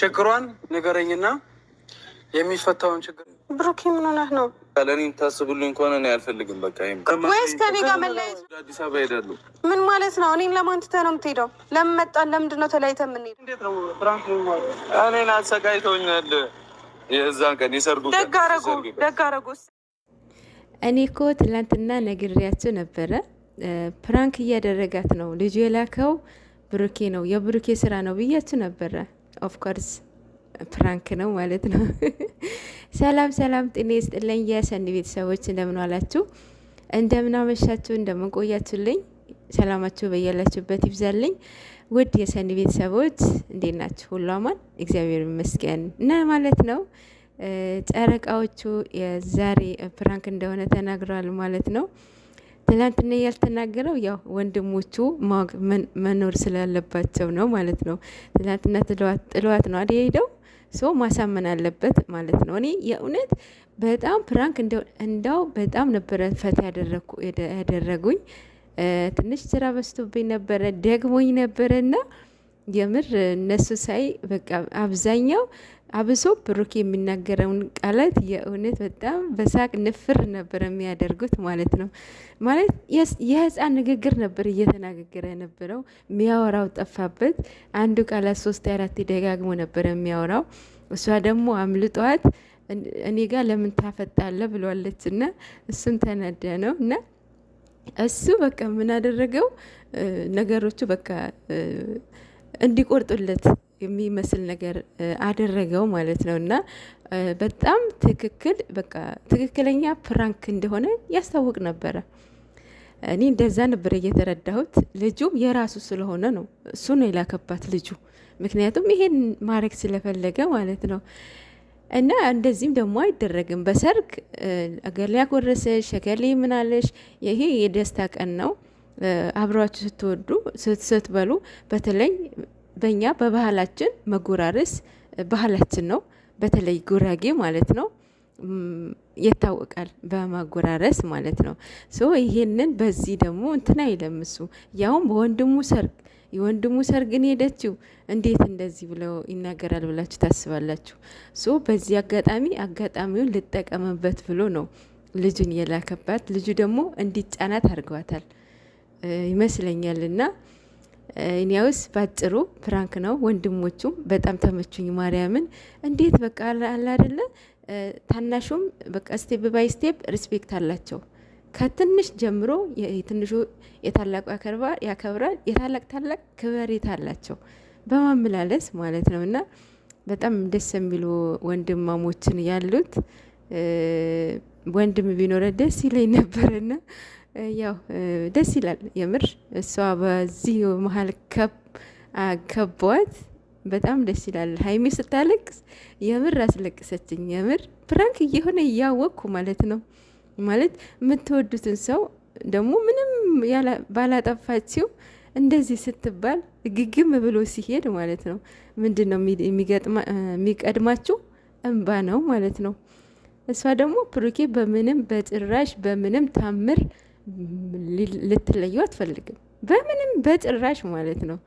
ችግሯን ንገረኝና የሚፈታውን ችግር ብሩኬ፣ ምን ሆነህ ነው? ለእኔ ከሆነ እኔ አልፈልግም። በቃ ወይስ ከኔ ጋር መለያየት? አዲስ አበባ ሄዳሉ። ምን ማለት ነው? እኔን ለማን ትተህ ነው የምትሄደው? ለምን መጣን? ለምንድን ነው ተለያይተህ የምንሄደው? እኔን አሰቃይተውኛል። የዛን ቀን የሰርጉ ደግ አደረጉ። እኔ እኮ ትላንትና ነግሬያቸው ነበረ ፕራንክ እያደረጋት ነው። ልጁ የላከው ብሩኬ ነው፣ የብሩኬ ስራ ነው ብያችሁ ነበረ። ኦፍኮርስ ፕራንክ ነው ማለት ነው። ሰላም ሰላም፣ ጤና ይስጥልኝ የሰኒ ቤተሰቦች፣ እንደምን ዋላችሁ፣ እንደምን አመሻችሁ፣ እንደምን ቆያችሁልኝ? ሰላማችሁ በያላችሁበት ይብዛልኝ። ውድ የሰኒ ቤተሰቦች እንዴት ናችሁ? ሁሉ አማን፣ እግዚአብሔር ይመስገን እና ማለት ነው። ጨረቃዎቹ የዛሬ ፕራንክ እንደሆነ ተናግረዋል ማለት ነው። ትላንትና ያልተናገረው ያው ወንድሞቹ ማወቅ መኖር ስላለባቸው ነው ማለት ነው። ትላንትና ጥለዋት ነው አይደል ሄደው ሰው ማሳመን አለበት ማለት ነው። እኔ የእውነት በጣም ፕራንክ እንደው በጣም ነበረ ፈት ያደረጉኝ። ትንሽ ስራ በስቶብኝ ነበረ ደግሞኝ ነበረና የምር እነሱ ሳይ በቃ አብዛኛው አብሶ ብሩክ የሚናገረውን ቃላት የእውነት በጣም በሳቅ ንፍር ነበር የሚያደርጉት ማለት ነው። ማለት የህፃን ንግግር ነበር እየተናገረ ነበረው የሚያወራው ጠፋበት። አንዱ ቃላት ሶስት አራት ደጋግሞ ነበር የሚያወራው። እሷ ደግሞ አምልጧት እኔ ጋር ለምን ታፈጣለ ብሏለች እና እሱን ተናዳ ነው እና እሱ በቃ ምን አደረገው ነገሮቹ በቃ እንዲቆርጡለት የሚመስል ነገር አደረገው ማለት ነው። እና በጣም ትክክል በቃ ትክክለኛ ፕራንክ እንደሆነ ያስታውቅ ነበረ። እኔ እንደዛ ነበር እየተረዳሁት። ልጁ የራሱ ስለሆነ ነው እሱ ነው የላከባት ልጁ፣ ምክንያቱም ይሄን ማድረግ ስለፈለገ ማለት ነው። እና እንደዚህም ደግሞ አይደረግም በሰርግ አገር ያጎረሰሽ አገር ላይ ምናለሽ፣ ይሄ የደስታ ቀን ነው አብራችሁ ስትወዱ ስትበሉ፣ በተለይ በእኛ በባህላችን መጎራረስ ባህላችን ነው። በተለይ ጉራጌ ማለት ነው ይታወቃል በማጎራረስ ማለት ነው። ሶ ይሄንን በዚህ ደግሞ አይለም እሱ ያውም በወንድሙ ሰርግ የወንድሙ ሰርግን ሄደችው እንዴት እንደዚህ ብለው ይናገራል ብላችሁ ታስባላችሁ? ሶ በዚህ አጋጣሚ አጋጣሚውን ልጠቀምበት ብሎ ነው ልጁን የላከባት። ልጁ ደግሞ እንዲጫናት አድርገዋታል እና እኒያውስ ባጭሩ ፕራንክ ነው። ወንድሞቹም በጣም ተመቹኝ። ማርያምን እንዴት በቃ አለ አደለ ታናሹም በቃ ስቴፕ ባይ ስቴፕ ሪስፔክት አላቸው። ከትንሽ ጀምሮ የትንሹ የታላቁ ያከብራል፣ የታላቅ ታላቅ ክብሬታ አላቸው በማመላለስ ማለት ነው። እና በጣም ደስ የሚሉ ወንድማሞችን ያሉት ወንድም ቢኖረ ደስ ይለኝ ነበረና ያው ደስ ይላል የምር እሷ በዚህ መሀል ከቧት በጣም ደስ ይላል። ሀይሚ ስታለቅስ የምር አስለቅሰችኝ። የምር ፕራንክ እየሆነ እያወቅኩ ማለት ነው። ማለት የምትወዱትን ሰው ደግሞ ምንም ባላጠፋችው እንደዚህ ስትባል ግግም ብሎ ሲሄድ ማለት ነው ምንድን ነው የሚቀድማችሁ እንባ ነው ማለት ነው። እሷ ደግሞ ብሩኬ በምንም በጭራሽ በምንም ታምር ልትለዩ አትፈልግም። በምንም በጭራሽ ማለት ነው።